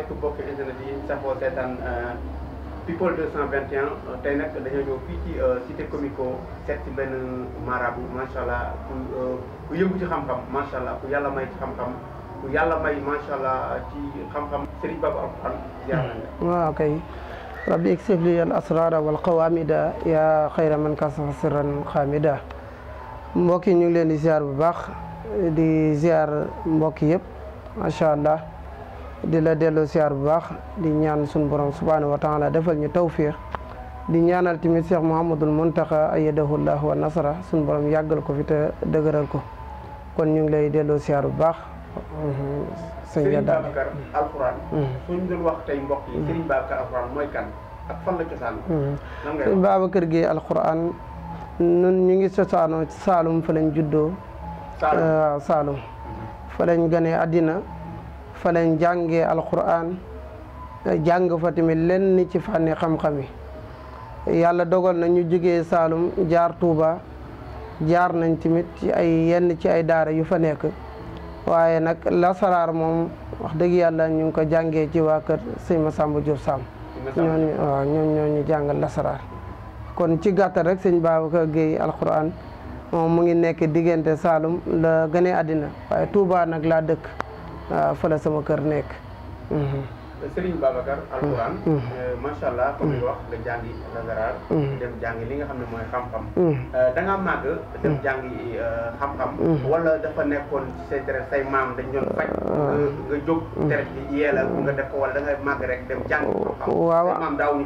asalaamaaleykum mbokki internet yi ñu saxoo seetaan euh, people 221 euh, tey nag dañoo ñëw fii ci euh, cité comico seet ci benn marabu macha allah ku ku yëngu xam-xam macha allah ku yàlla may ci xam-xam ku yàlla may macha allah ci xam-xam Serigne Babou Alxuraan ziar na nga. waaw kay rabbi iksib al asrara wal qawamida yaa xayra man kasafa sirran xaamida mbokk yi ñu ngi leen di ziar bu baax di ziar mbokk yëpp macha allah. di la delloo siyaar bu baax di ñaan suñu borom subhaanahu wa taala defal ñu tawfiix di ñaanal tamit Cheikh Mouhamadul Muntaxa ayyadahu llahu wa nasara suñu borom yàggal ko fi te dëgëral ko kon ñu ngi lay delloo siyaar bu baax. sëñ Babacar Alxuraan. Hmm. suñ doon wax tey mbokk yi hmm. sëriñ Babacar Alxuraan mooy kan nun hmm. ñu ngi cosaanoo Saalum fa lañ juddoo. Saalum ah, fa lañ ganee àddina. fa jànge jàngee alquran jàng fa tamit lenn ci fànni xam-xam yi yàlla dogal na ñu jógee Saalum jaar Touba jaar nañ tamit ci ay yenn ci ay daara yu fa nekk waaye nag lasaraar moom wax dëgg yàlla ñu ngi ko jàngee ci waa kër sëñ Masamba Diop Samb ñooñu waaw ñu jàngal lasaraar kon ci gàttal rek sëñ Babacar Guèye alquran moom mu ngi nekk diggante Saalum la gënee àddina waaye Touba nag laa dëkk fa la sama kër nekk. Mhm. Serigne Babacar alxuraan. Mhm. Mhm. Euh, macha allah comme nga jàngi nasaraan. li nga xam ne mooy xam-xam. Euh, da ngaa màgg dem jàngi euh, xam-xam. wala dafa nekkoon say tere say maam dañ doon faj. Ah. nga jóg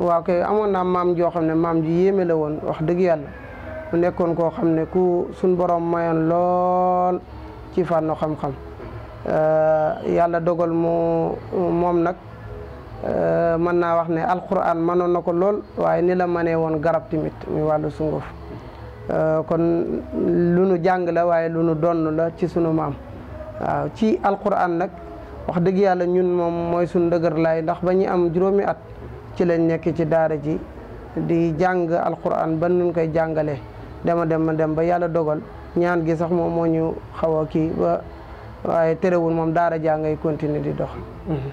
waaw kay amoon naa maam joo xam ne maam ji yéeme la woon wax dëgg yàlla nekkoon koo xam ne ku suñ borom mayoon lool ci fànn xam-xam. Euh, yàlla dogal mu moom nag euh, mën naa wax ne alquran mënoon na ko lool waaye ni la mënee woon garab tamit muy wàllu sunguf euh, kon lu nu jàng la waaye lu nu donn la ci sunu maam waaw ci alquran nag wax dëgg yàlla ñun moom mooy suñu dëgër laay ndax ba ñu am juróomi at ci lañ nekk ci daara ji di jàng alquran ba nuñ koy jàngalee dema dema ma dem ba yàlla dogal ñaan gi sax moom moo ñu xaw a kii waaye terewul moom daara jaa ngay continuer di dox. Mhm.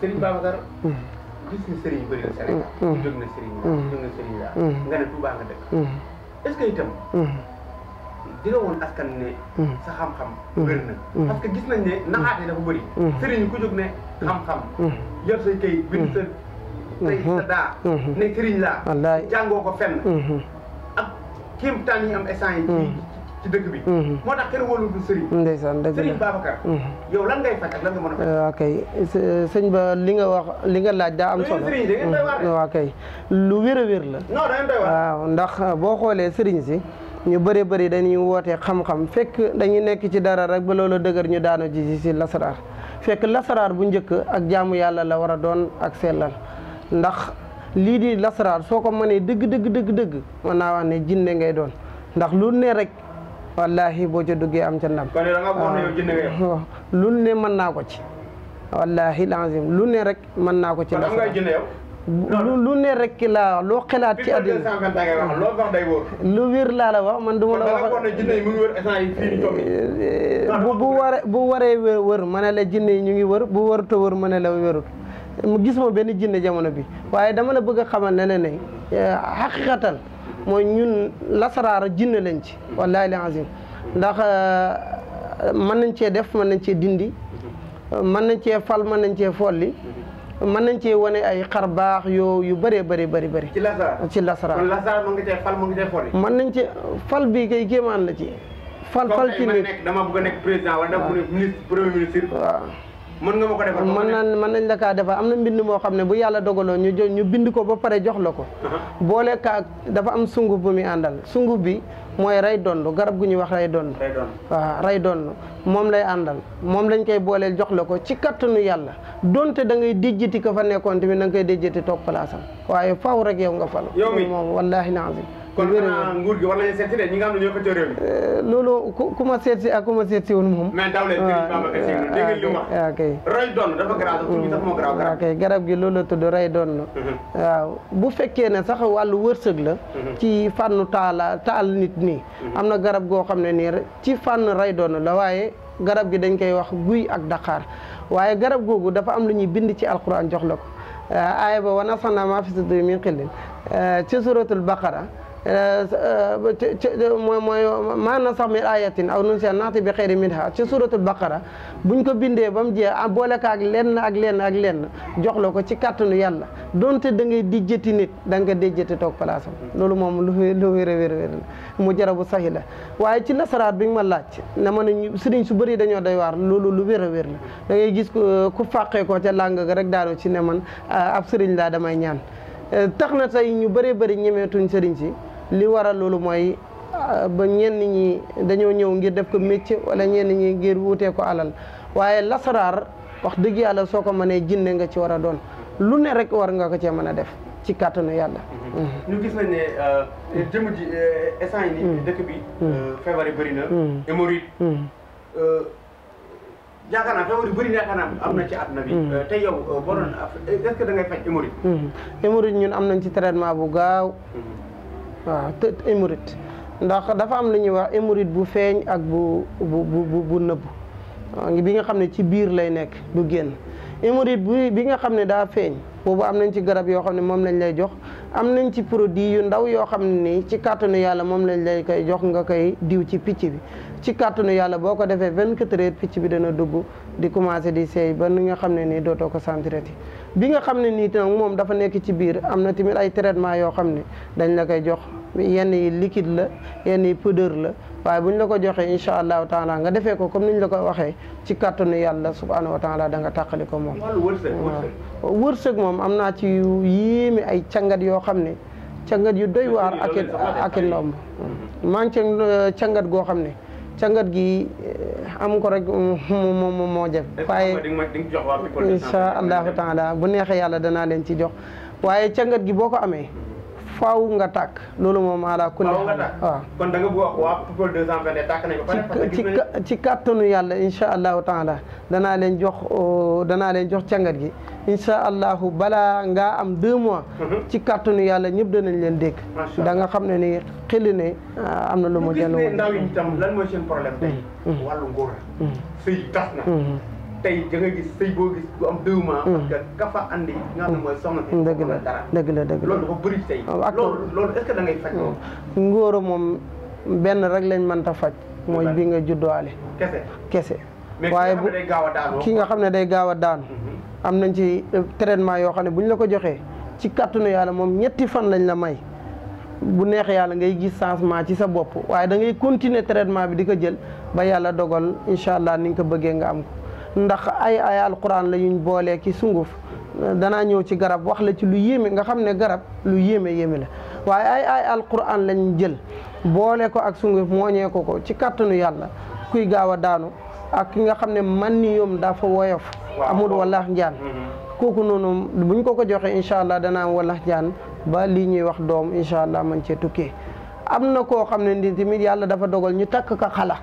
Serigne Babacar. Mhm. gis nga Serigne bëri na Sénégal. Mhm. jóg na Serigne jóg na Serigne daal. nga ne Touba nga dëkk. est-ce que itam. di nga woon askan ne. sa xam-xam. wér na parce que gis nañ ne naxaate dafa bëri. Serigne ku jóg ne xam-xam. yor say kay bind sa tey sa daa. ne Serigne laa. wallaay jàngoo ko fenn. ak kéemtaan yi am essence yi. ci dëkk bi. Mhm. moo tax kenn mhm. euh, ba li nga wax li nga laaj daa am solo. waaw mhm. kay lu wéra wér la. waaw ndax boo xoolee sëriñ si. ñu bëri bëri dañuy wootee xam-xam fekk dañuy nekk ci dara rek ba loolu dëgër ñu daano ji si lasaraar fekk lasaraar bu njëkk ak jaamu yàlla la war a doon ak sellal ndax lii di lasaraar soo ko mënee dëgg dëgg dëgg dëgg naa wax ne jinne ngay doon ndax lu ne rek. wallahi boo ca duggee am ca ndam. Ah, lu ne mën naa ko ci. wallahi lazim lu ne rek mën naa ko ci. la lu ne rek ki laa loo xalaat ci àddina lu wér laa la wax man du ma la wax eh, bu waree wër ma ne la jinne yi ñu ngi wër bu warut a wër ma ne la wërut gis ma benn jinne jamono bi waaye dama la bëgg a xamal ne ne ne xaqiqatan eh, mooy ñun lasaraara jinne lañ ci wallaahi li azim ndax euh, mën nañ cee def mën nañ cee dindi mën nañ cee fal man nañ cee folli mën nañ cee wane ay xar baax yoo yu bëree bëri bëri bëri. ci lasara ci lasara. kon lasara ngi cee fal mu ngi cee fori. mën nañ cee fal bii kay géemaan la ci. fal fal ci nit a nekk président wala dama bëgg waaw. mën nga ma ko defal mën na mën nañ la kaa defal am na mbind moo xam ne bu yàlla dogaloo ñu jo ñu bind ko ba pare jox la ko boole kaa dafa am sunguf bu muy àndal sunguf bi mooy ray dond garab gu ñuy wax ray dond waaw ray dond moom lay àndal moom lañ koy booleel jox la ko ci kattanu yàlla donte da ngay déjjati ko fa nekkoon tamit da nga koy déjjati toog palaasam waaye faw rek yow nga fal moom wallaahi naazim kon euh, nguur gi war nañu seet si ko réew euh, loolu ku ma ak ku ma seet woon moom. mais ok garab gi loolu la tudd roy doon la. Mhm. bu fekkee ne sax wàllu wërsëg la. Mhm. ci fànnu taala taal nit nii. Mhm. am na garab goo xam ne nii ci fànn roy doon la waaye garab gi dañ koy wax guy ak daqaar waaye garab googu dafa am lu ñuy bind ci alquran jox la ko euh, aaya ba wana sanna maa fi sudur min xillin ci suratul baqara Euh, euh, mooy mooy maanaam sax min ayatin aw nunsiha naati bi xeyri minha ci suratul baqara buñ ko bindee ba mu jeex ah, boole ko ak lenn ak leen ak leen jox la ko ci kàttanu yàlla donte da ngay dijjati nit da nga dijjati toog place loolu moom lu lu wér a wér wér mu jarabu saxi la waaye ci nasaraat bi nga ma laaj ne ma ne sëriñ su bëri dañoo doy waar loolu lu wér a wér la da ngay gis ku fàqee ko ca làng ga rek daanu ci ne man ah, ab sëriñ laa damay ñaan euh, tax na tey ñu bëree bëri ñemeetuñ sëriñ si li waral loolu mooy ah, ba ñenn ñi dañoo ñëw ngir def ko métier wala ñenn ñi ngir wutee ko alal waaye lasaraar wax dëgg yàlla soo ko mënee jinne nga ci war a doon lu ne rek war nga ko cee mën a def ci kàttanu yàlla. ñu gis nañ ne euh, jëmm ji euh, instant mm. dëkk bi. Mm. Euh, feebar yi bëri na. Mm. hémorroïde. yaakaar naa am na ci àdduna bi. te yow boo am nañ ci traitement bu gaaw. waaw të émurit ndax dafa am lu ñuy wax émurit bu feeñ ak bu bu bu bu nëbbu bi nga xam ne ci biir lay nekk du génn émurit bi bi nga xam ne daa feeñ boobu am nañ ci garab yoo xam ne moom lañ lay jox am nañ ci produit yu ndaw yoo xam ne nii ci kàttanu yàlla moom lañ lay koy jox nga koy diw ci picc bi ci kàttanu yàlla boo ko defee 24 heures picc bi dana dugg di commencé di seey ba ni nga xam ne nii dootoo ko sentirati bi nga xam ne nii nag moom dafa nekk ci biir am na tamit ay traitement yoo xam ne dañ la koy jox yenn yi liquide la yenn yi poudre la waaye bu ñu la ko joxee incha allahu taala nga defee ko comme ni ñu la ko waxee ci kàttanu yàlla subhaanahu wa taala da nga tàqali ko moom waaw wërsëg moom am naa ci yu ay cangat yoo xam ne cangat yu doy waar ak ak ndomb maa euh, goo xam ne cangat gi eh, am ko rek moo moo moo insha allahu taala bu neexee yàlla danaa leen ci jox waaye cangat gi boo ko amee faw nga tàkk loolu moom ala kulli da nga ci kàttanu yàlla insha allahu taala danaa leen jox oh, danaa leen jox cangat gi incha allahu balaa ngaa am deux mois. Mm-hmm. ci ni yàlla ñëpp danañ leen dégg. da nga xam ne ni xëy ah, am na lu mu. jëloon gis ne ndaw yi tam lan mooy seen problème tey. Mm-hmm. Mm-hmm. wàllu ngóor. sëy tas na. tey dëgg la dëgg la dëgg la loolu dafa ah, mm. moom benn rek lañ manta faj. mooy bi nga juddoole. kese kese. waaye bu ki nga xam ne day gaaw a daanu. am nañ ci euh, traitement yoo xam ne bu ñu la ko joxee ci kàttanu yàlla moom ñetti fan lañu la may bu neex yàlla ngay gis changement ci sa bopp waaye da ngay continuer traitement bi di ko jël ba yàlla dogal incha allah ni nga ko bëggee nga am ko ndax ay ay alquran la yuñ boolee ki sunguf danaa ñëw ci garab wax la ci lu yéeme nga xam ne garab lu yéeme yéeme la waaye ay ay alquran lañ jël boole ko ak sunguf mooñee ko ko ci kàttanu yàlla kuy gaaw a daanu ak ki nga xam ne man ni yoom dafa woyof amul wallax njaan mm-hmm. kooku noonu buñ ko ko joxee incha allah dana am wallax njaan ba lii ñuy wax doom incha allah man cee tukkee am na koo xam ne ni tamit yàlla dafa dogal ñu takk ka xala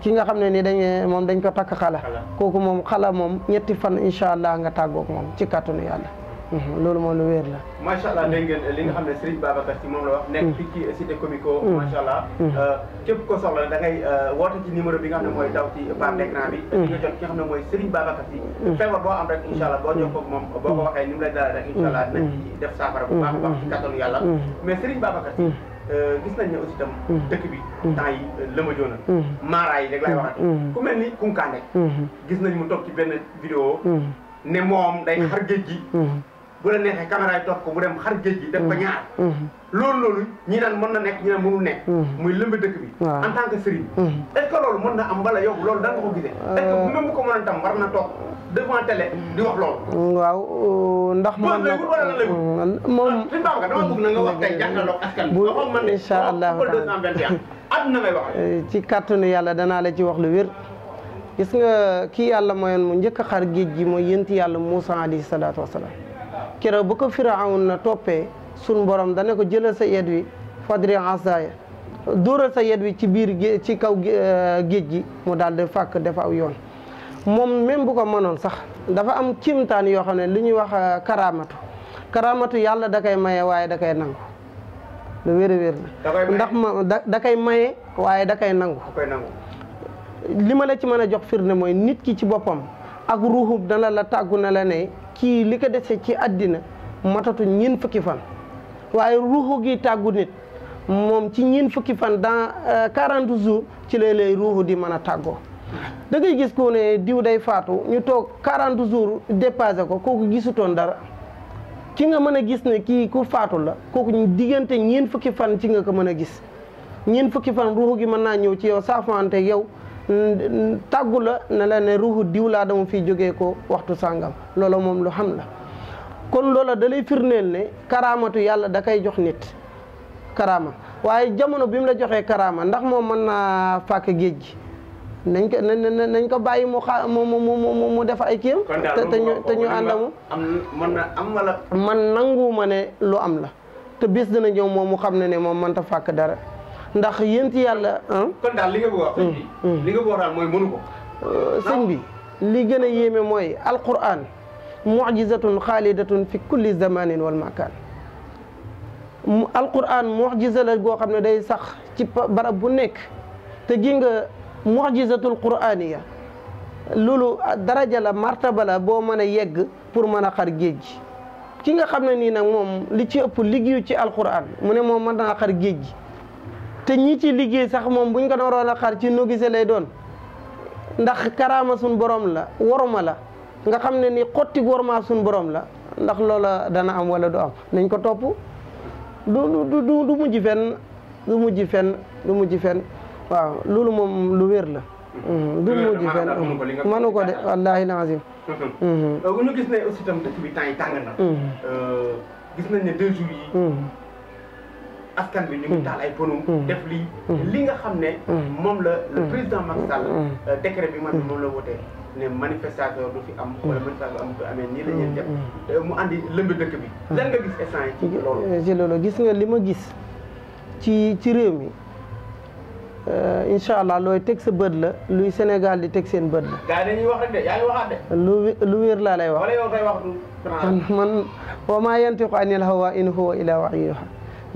ki nga xam ne ni dañu moom dañ ko takk xala kooku moom xala moom ñetti fan incha allah nga tàggoog moom ci kàttanu yàlla Mhm, loolu moom lu wér la. macha allah dégg ngeen li nga xam ne Serigne Babacar Sy moom la wax. nekk mhm. fii ci cité comico. Mhm. macha allah euh, képp ko soxla da ngay euh, woote ci numéro bi nga xam ne mooy daw ci par l'écran bi. di nga ki nga xam ne mooy Serigne Babacar Sy. feebar boo am rek incha allah boo jokkoo ak moom boo ko waxee ni mu lay dalal rek incha allah dinañ ci def saafara bu baax a baax ci kattanu yàlla. mais Serigne Babacar Sy. Euh, gis nañ ne aussi itam. dëkk bi temps yi lëmëjoo na. maaraay yi rek laay waxati. ku gis nañ mu toog ci benn vidéo. ne moom day xar géej bu la neexee caméra yi topp ko mu dem xar géej gi. def ko mm. ñaar. Mm. loolu loolu ñi naan mën na nekk ñi naan mënul nekk. Mm. muy lëmb dëkk bi. en tant que sëriñ. est-ce que loolu mën na am bala yow loolu da nga ko gisee. Euh. est-ce que même bu ko mënoon tam war na toog devant télé di wax loolu. waaw euh, ndax mën na ko moom suñu baax nga dama bëgg na nga wax tey jàkkaarloog askan bi. waxoon man ne incha allah at na ngay wax. Euh, ci kàttanu yàlla danaa la ci wax lu wér. gis nga kii yàlla mayoon mu njëkk a xar géej gi mooy yént yàlla Moussa alayhi salaatu wasalaam keroog bu ko firaawun na toppee sun borom dana ko jëlal sa yet wi fadri asaya dóoral sa yet wi ci biir ci kaw euh, géej gi mu daal di fàkk def aw yoon moom même bu ko mënoon sax dafa am kiimtaan yoo xam ne li ñuy wax euh, karaamatu karaamatu yàlla da kay maye waaye da kay nangu lu wér a da koy maye waaye da koy nangu li ma la ci mën a jox firnde mooy nit ki ci boppam ak ruuxub dana la tàggu na la ne kii li ko desee ci addina matatu ñeent fukki fan waaye ruuxu gi tàggu nit moom ci ñeent fukki fan dans euh, quarante jours ci lay lay ruuxu di mën a tàggoo da ngay gis ko ne diw day faatu ñu toog quarante jour dépassé ko kooku gisutoon dara ki nga mën a gis ne kii ku faatu la kooku diggante ñeent fukki fan ci nga ko mën a gis ñeent fukki fan ruuxu gi mën naa ñëw ci yow saafaante yow tàggula la ne la ne ruuxu diw laa dama fi jógee ko waxtu sàngam loola moom lu xam la kon loola da lay firndeel ne karaamatu yàlla da kay jox nit karaama waaye jamono bi mu la joxee karaama ndax moom mën naa fàkk géej gi nañ ko nañ ko bàyyi mu xa mu mu mu def ay kiyam te ñu ànd moom mën na am ne lu am la te bis dina ñëw moom mu xam ne ne moom mënta fàkk dara ndax yéen yàlla kon daal li nga bëgg a wax mm, mm. li nga bëgg a mooy mënu ko euh, sëñ bi li gën a yéeme mooy alquran mujizatun xaalidatun fi kulli zamanin wal makan alquran mujiza la goo xam ne day sax ci barab bu nekk te gi nga mujizatul quraniya loolu daraja la martaba la boo mën a yegg pour mën a xar gejji ki nga xam ne nii nag moom li ci ëpp liggéeyu ci alquran mu ne moom mën naa xar géej gi te ñi ci liggéey sax moom buñ ko doon roon a xar ci nu gise lay doon ndax karaama suñ borom la waruma la nga xam ne ni xotti warmaa suñ borom la ndax loola dana am wala du am nañ ko topp du du mujj fenn du mujj fenn du mujj fenn waaw loolu moom lu wér la mm-hmm. du mujj fenn mënu ko de wallaahi lazim mm-hmm. euh, ñu gis ne aussi tam mm-hmm. euh, nañ ne askan bi ñu ngi taal ay ponum hmm. def lii hmm. li nga xam ne hmm. moom la le président Macky Sall euh, décret bi man moom la wotee ne manifestation lu fi am wala manifestation am du amee nii la ñuy def euh, mu andi lëmb dëkk bi lan nga gis instant yi ci ma gis ci réew mi euh, incha looy teg sa bët la luy Sénégal di teg seen bët la. gars yi dañuy wax rek de yaa ngi de. lu lu laa lay wax. wala yow kay wax du. man man wa maa yantiqu anil hawa in huwa illa wahyun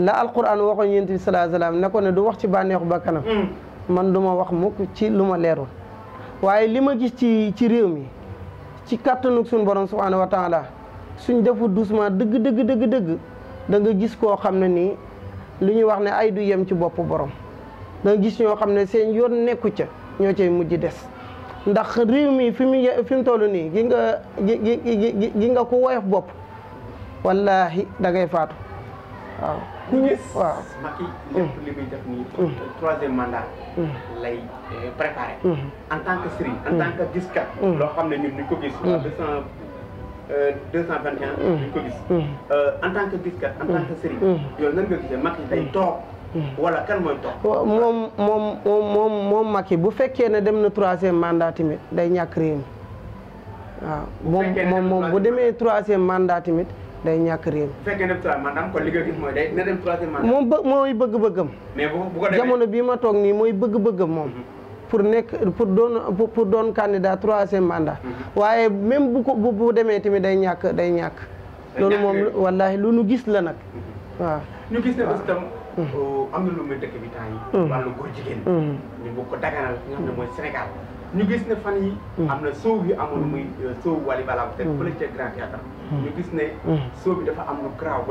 la alquran waxoon yonent bi salaa salaam ne ne du wax ci bànneexu bakkanam mm. man du ma wax mukk ci lu ma leerul waaye li ma gis ci ci réew mi ci kàttanug suñu borom subhaanahu wa taala suñ defu doucement dëgg dëgg dëgg dëgg gis koo xam ne nii lu ñuy wax ne ay du yem ci boppu borom da gis ñoo xam ne seen yoon nekku ca ñoo cay mujj des ndax réew mi fi mu mu toll nii gi nga gi gi gi nga ko woyof bopp wallaahi da faatu waaw waaw Macky lépp mm. li muy tant que sëriñ en tant que mm. diskat mm. euh, euh, en tant que diskat en tant que wala kan mooy toog moom moom moom moom bu fekkee ne dem na troisième mandat tamit day ñàkk moom moom moom bu demee troisième mandat day ñàkk réew. bu fekkee ne maanaam kon li nga moom bë mooy bëgg-bëggam. mais jamono bii ma toog nii mooy bëgg-bëggam moom. Mm-hmm. pour nekk pour doon pour doon candidat troisième mandat. Mm-hmm. waaye même bu ko bu demee tamit day ñàkk day ñàkk. loolu moom wallaahi lu gis la nag. Mm-hmm. waaw ñu gis ne Euh, am na lu muy dëkk bi temps yi mm. wàllu mm. mooy Sénégal ñu gis ne fan mm. am na soow yu amoon muy euh, soow Wally gis ne soow bi dafa am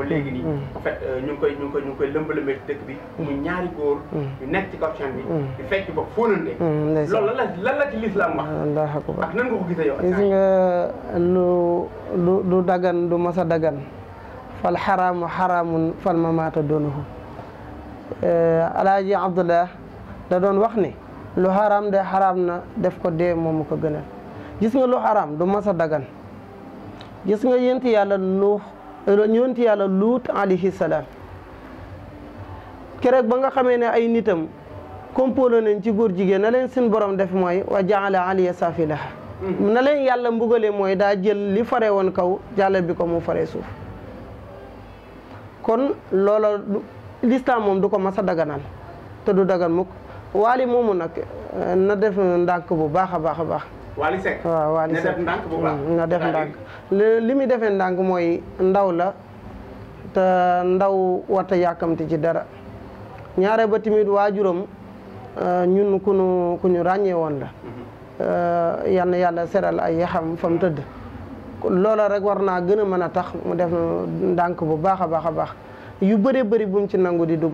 léegi nii en euh, koy ñu ñu koy lëmbalëmbee ci bi muy ñaari góor nekk ci kaw bi di fecc ba fóonante la lan la ci lislaam wax allahu ak nan nga ko gisee yow gis nga lu lu lu du mas a dagan fal xaraamu xaraamun fal mamaata doonuhu Euh, alaaji abdullah da doon wax ni lu xaraam de xaraam na def ko dee moomu ko gënal gis nga lu xaraam du masa dagan gis nga yonent yàlla nuux euh, yonent yàlla luut alayhi salaam keroog ba nga xamee ne ay nitam compolo nañ ci góor jigéen na leen seen borom def mooy wa jaala aliya safilaha mm-hmm. na leen yàlla mbugale mooy daa jël li fare woon kaw jàllal bi ko mu fare suuf kon loola lislaam moom du ko mas a daganal te du dagan mukk waali moomu nag eh, na def ndànk bu baax a baax a baax. waali sekk waaw na def ndànk bu mm, li muy defee ndànk mooy ndaw la te ndaw warta yàkkamti ci dara ñaare ba tamit waajuram eh, ñun ku ñu ràññee woon la. Mm-hmm. Eh, yal na yàlla seral a yaxam fa tëdd. loola rek war naa gën a mën a tax mu def ndànk bu baax a baax a baax. yu bëree bëri bu mu ci nangu di dugg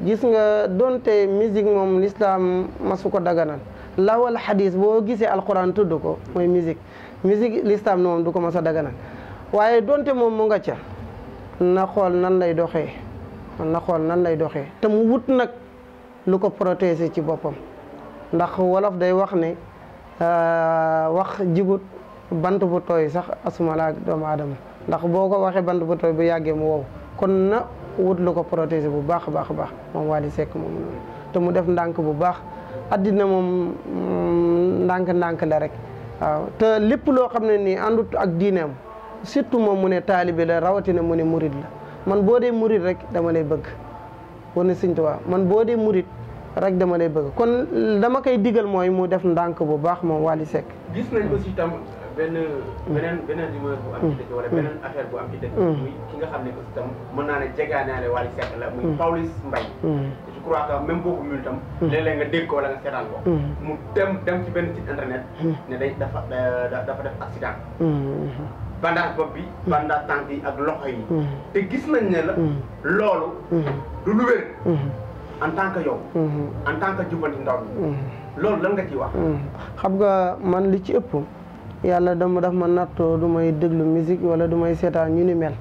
gis nga donte musique moom lislaam masu ko daganal lawal xadiis boo gisee alquran tudd ko mooy musique musique lislaam moom du ko mas a daganal waaye donte moom mu nga ca na xool nan lay doxee na xool nan lay doxee te mu wut nag lu ko protéger ci boppam ndax wolof day wax ne euh, wax jigut bant bu tooy sax asuma laa doomu aadama ndax boo ko waxee bant bu tooy bu yàggee mu wow kon na wut lu ko protéger bu baax a baax a baax moom Wally Seck moom noonu te mu def ndànk bu baax addina moom ndànk-ndànk mm, la rek waaw te lépp loo xam ne nii àndut ak diineem surtout moom mu ne taalibe la rawatina mu ne murid la man boo dee murit rek dama lay bëgg wane Sëñ Tuubaa man boo dee murid rek dama lay bëgg kon dama koy digal mooy mu def ndànk bu baax moom Wally Seck gis benn beneen beneen rumeur bu am ci dëkk wala mm. beneen affaire bu am ci dëkk mm. muy ki nga xam ne aussi tam mën naa ne jegaanaale Wally Seck la muy mm. Pawlish Mbaye je crois que même boo ko mul tam léeg-léeg nga dégg ko wala nga seetaan ko mu dem dem ci benn site internet ne day dafa dafa def accident bandage bopp bi bandage tànk yi ak loxo yi te gis nañ ne la loolu du lu wér en tant que yow en tant que jubanti ndaw loolu lan nga ciy wax xam nga man li ci ëpp yàlla dama daf ma nattoo du may déglu musique wala du may seetaan ñu ni mel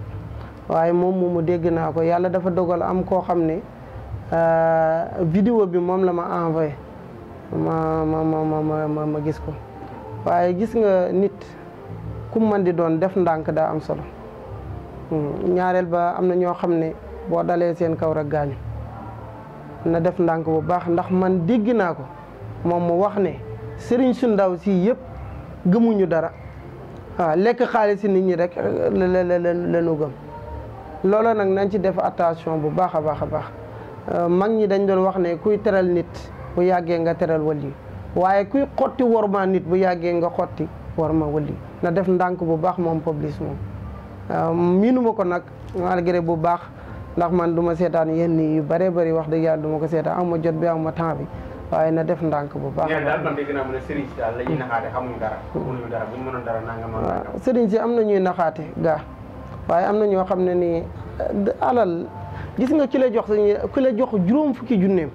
waaye moom moomu dégg naa ko yàlla dafa dogal am koo xam ne euh, vidéo bi moom la ma envoyé ma ma ma ma gis ko waaye gis nga nit ku man di doon def ndànk daa am solo hmm, ñaareel ba am na ñoo xam ne boo dalee seen kawra rek gaañu na def ndànk bu baax ndax man dégg naa ko moom mu wax ne sëriñ su ndaw si yëpp gëmuñu dara waaw lekk xaalis nit ñi rek la la lañu gëm loolu nag nañ ci def attention bu baax a baax a baax euh, mag ñi dañ doon wax ne kuy teral nit bu yàggee nga teral wali waaye kuy xotti worma nit bu yàggee nga xotti worma wali na def ndànk bu baax moom Pablis moom euh, miinuma ko nag malgré bu baax ndax man du ma seetaan yenn yu bare bari wax dëgg yàlla du ko seetaan am ma jot bi am ma temps bi waaye na def ndànk bu baax sëriñ si am na ñuy naxaate gaa waaye am na ñoo xam ne nii alal gis nga ki la jox sañ ki jox juróom fukki junneem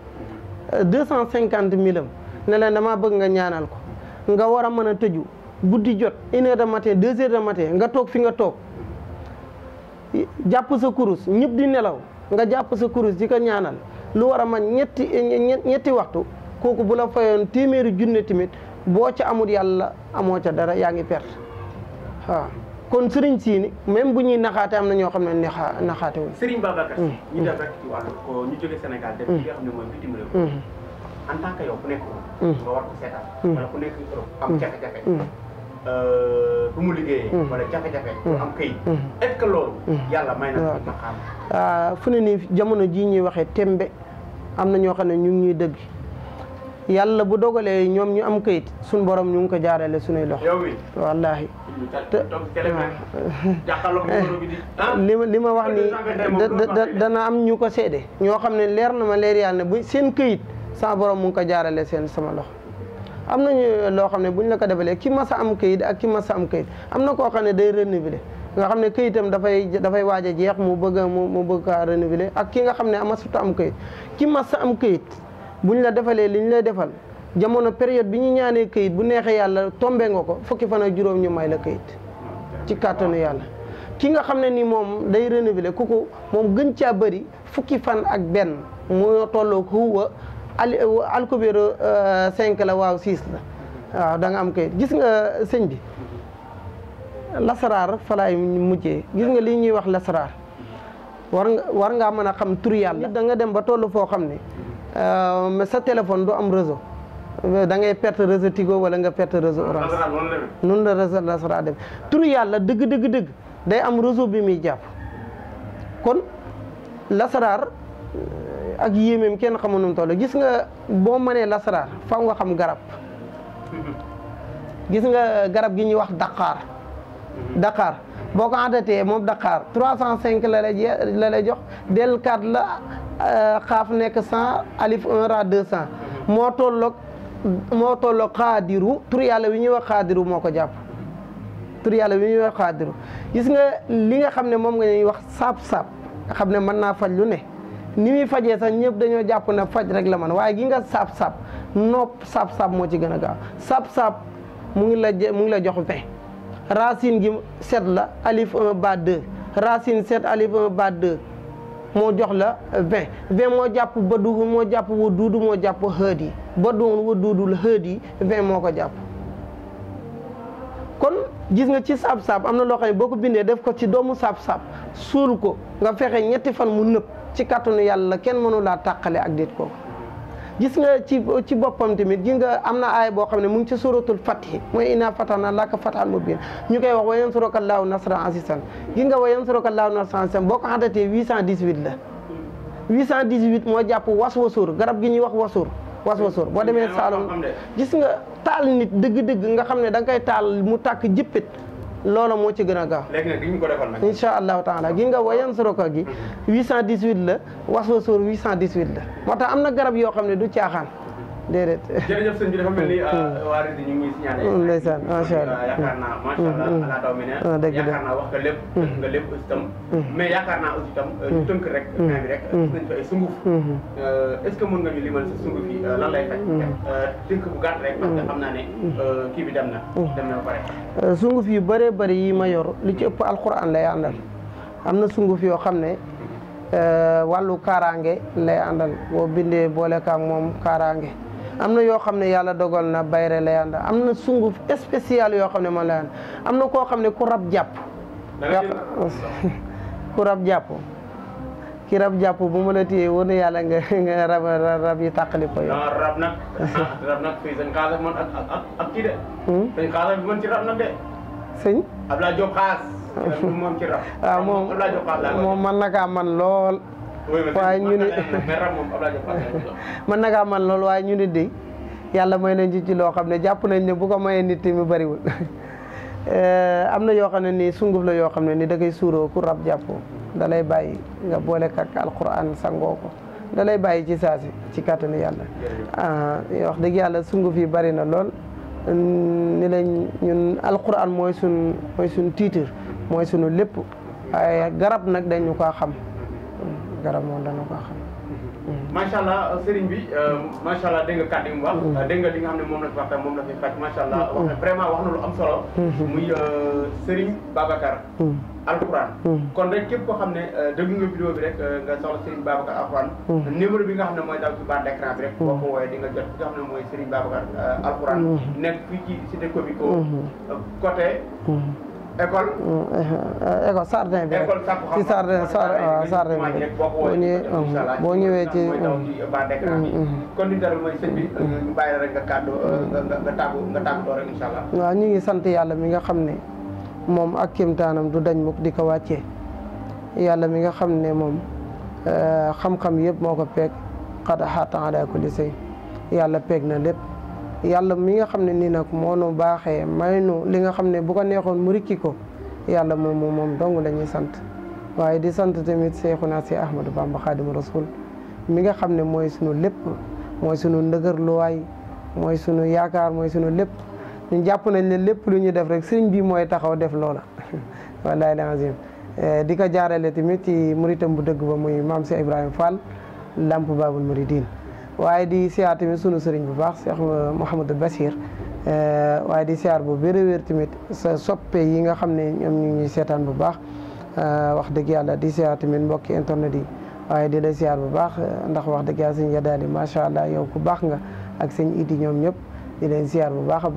deux cent cinquante mille am ne leen damaa bëgg nga ñaanal ko nga war a mën a tëju guddi jot une heure de matin deux heures de matin nga toog fi nga toog jàpp sa kurus ñëpp di nelaw nga jàpp sa kurus di ko ñaanal lu war a man ñetti ñetti waxtu kooku bu la fayoon téeméeri junne tamit boo ca amul yàlla amoo ca dara yaa ngi perte waaw kon sëriñ siini même bu ñuy naxaate am na ñoo xam ne naxa naxaate wuñ. sëriñ Babacar. Mm. ñu mm. mm. am jafe-jafe. Euh, bu mu liggéeyee. wala jafe-jafe. Ah, jamono jii ñuy waxee tembe na ñoo xam ne ñu ngi ñuy dëgg. yàlla bu dogalee ñoom ñu am kayit suñ borom ñu ngi ko jaarale suñuy loxo. wallaahi. Ah. li ma li ma wax nii dana am ñu ko seede. ñoo xam ne leer na ma leer yàlla ne bu seen kayit sama borom mu ngi ko jaarale seen sama lox am nañu loo xam ne buñ la ko defalee ki mas a am kayit ak ki mas a am kayit am na koo xam ne day renouveler nga xam ne këyitam dafay dafay waaj a jeex mu bëgg mu mu bëgg kaa ak ki nga xam ne masut am kayit ki mas a am kayit. buñ la defalee liñ lay defal jamono période bi ñu ñaanee kayit bu neexee yàlla tombee nga ko fukki fan ak juróom ñu may la kayit ci kàttanu yàlla ki nga xam ne ni moom day ku ko moom gën caa bari fukki fan ak benn moo tolloo huwa al alkubéro euh, cinq la waaw six la waaw da am këyit gis nga euh, sëñ bi lasaraar falaay mujjee gis nga li ñuy wax lasaraar war nga war ngaa mën a xam tur yàlla da nga dem ba toll foo xam ne Euh, mais sa téléphone du am réseau euh, da ngay perte réseau Tigo wala nga perte réseau Orange nun la réseau lasara dem turu yàlla dëgg dëgg dëgg day am réseau bi muy jàpp kon lasarar euh, ak yéemeem kenn xamu nu mu gis nga boo manee lasaraar faw nga xam garab gis nga garab gi ñuy wax daqaar mhm. daqaar boo ko àndatee moom daqaar trois cent cinq la lay la lay jox del kat la Euh, xaaf nekk 100 alif 1 ra 200 moo tolloog moo tolloog xaadiru tur yàlla wi ñuy wax xaadiru moo ko jàpp tur yàlla wi ñuy gis nga li nga xam ne moom nga ñuy wax saab-saab xam ne mën naa faj lu ne ni muy fajee sax ñëpp dañoo jàpp na faj rek la man waaye gi nga saab-saab nopp saab-saab moo ci gën a gaaw saab mu ngi la mu ngi la jox vingt racine gi sept la alif 1 ba 2 racine 7 alif 1 ba 2 moo jox la vingt vingt moo jàpp badu moo jàpp wa moo jàpp xëët yi baduun wa duudul xëët yi vingt moo ko jàpp kon gis nga ci saab-saab am na loo xam ne boo ko bindee def ko ci doomu saab-saab suul ko nga fexe ñetti fan mu nëb ci kàttanu yàlla kenn mënu laa tàqale ak déet ko gis nga ci ci boppam tamit gi nga am na aay boo xam ne mu ngi ci suratul fathi mooy inna fatahna laka fathan mubin ñu koy wax wa yansuruka Allahu nasran azizan gi nga wa yansuruka Allahu nasran azizan boo ko xadatee 818 la 818 moo jàpp was wasur garab gi ñuy wax wasur was wasur boo demee Saalum gis nga taal nit dëgg-dëgg nga xam ne da nga koy taal mu tàkk jëppit loola moo ci gën a gaaw léegi nag di ñu nga defal nag incha allahu taala gi nga wayan soroka gi 818 mhm. la wasfa soor 818 la moo tax am na garab yoo xam ne du caaxaan déedéet. jërëjëf sunguf. yi euh, lan lay hmm. euh, hmm. hmm. euh, yu bëree bëri yi ma yor li ci ëpp alxuraan lay àndal am na sunguf yoo xam ne. wàllu kaaraange lay àndal boo bindee boole kaag moom kaaraange am na yoo xam ne yàlla dogal na bayre la yanda am na sunguf spécial yoo xam ne moom la am na koo xam ne ku rab jàpp ku rab jàpp ki rab jàpp bu ma la téyee wóor na yàlla nga nga rab yi tàqali ko yow ah, rab ah, man ak ak hmm? ah, man lool waaye ñu ni mën man loolu waaye ñu ni de yàlla may nañ ci loo xam ne jàpp nañ ne bu ko mayee nit mi bariwul eh, am na yoo xam ne nii sunguf la yoo xam ne ni da koy suuroo ku rab jàppoo da bàyyi nga boole ak alquran sangoo ko dalay bàyyi ci saasi ci kàttanu yàlla a eh, wax dëgg yàlla sunguf yi bari na lool mm, ni lañ ñun alquran mooy sun mooy suñ titre mooy sunu lépp waaye garab nag dañu ko xam garab moom dana ko xam. Mm-hmm. macha allah euh, sëriñ bi euh, macha allah dégg nga kàddu yi mu wax. Mm-hmm. dégg nga xam ne moom la fi wax moom la fi faj macha allah. Mm-hmm. wax na vraiment wax na lu am solo. muy euh, sëriñ Babacar. alquran. kon rek képp koo xam ne déglu nga vidéo bi rek nga soxla Serigne bi nga xam ne mooy daw ci barre d'écran bi rek. boo ko wooyee di nga jot ki nga xam ne mooy Serigne Babacar alquran. nekk fii ci cité Comico. côté. école. Mm, école bi rek ci sardin sardin bi boo ñëwee mm, boo ci. waa mm. ñu ñu ngi sant yàlla mi nga xam ne moom ak kéemtaanam du dañ mukk di ko wàcce yàlla mi nga xam ne moom euh, xam-xam yëpp moo ko peeg xada xaata ala kulli yàlla peeg na lépp. yàlla mi nga xam ne nii nag moo nu baaxee may nu li nga xam ne bu ko neexoon mu rikki ko yàlla moom moom dong la ñuy sant waaye di sant tamit Seexuna si Ahmadou Bamba Xaadimu Rasul mi nga xam ne mooy sunu lépp mooy sunu ndëgërluwaay mooy sunu yaakaar mooy sunu lépp ñu jàpp nañ ne lépp lu ñuy def rek sëriñ bi mooy taxaw def loola wallaahi lazim eh, di ko jaarale tamit ci muritam bu dëgg ba muy maam si Ibrahima Fall lamp Babul diin waaye di siyaar tamit sunu sëriñ bu baax Cheikh Mouhamadou Bassir eh, waaye di siyaar bu wér a wér tamit sa soppe yi nga xam ne ñoom ñu seetaan bu baax eh, wax dëgg yàlla di siyaar tamit mbokki internet yi waaye di la siyaar bu baax ndax wax dëgg yàlla sëñ Yadaali macha allah yow ku baax nga ak sëñ Idi ñoom ñëpp di leen siyaar bu baax.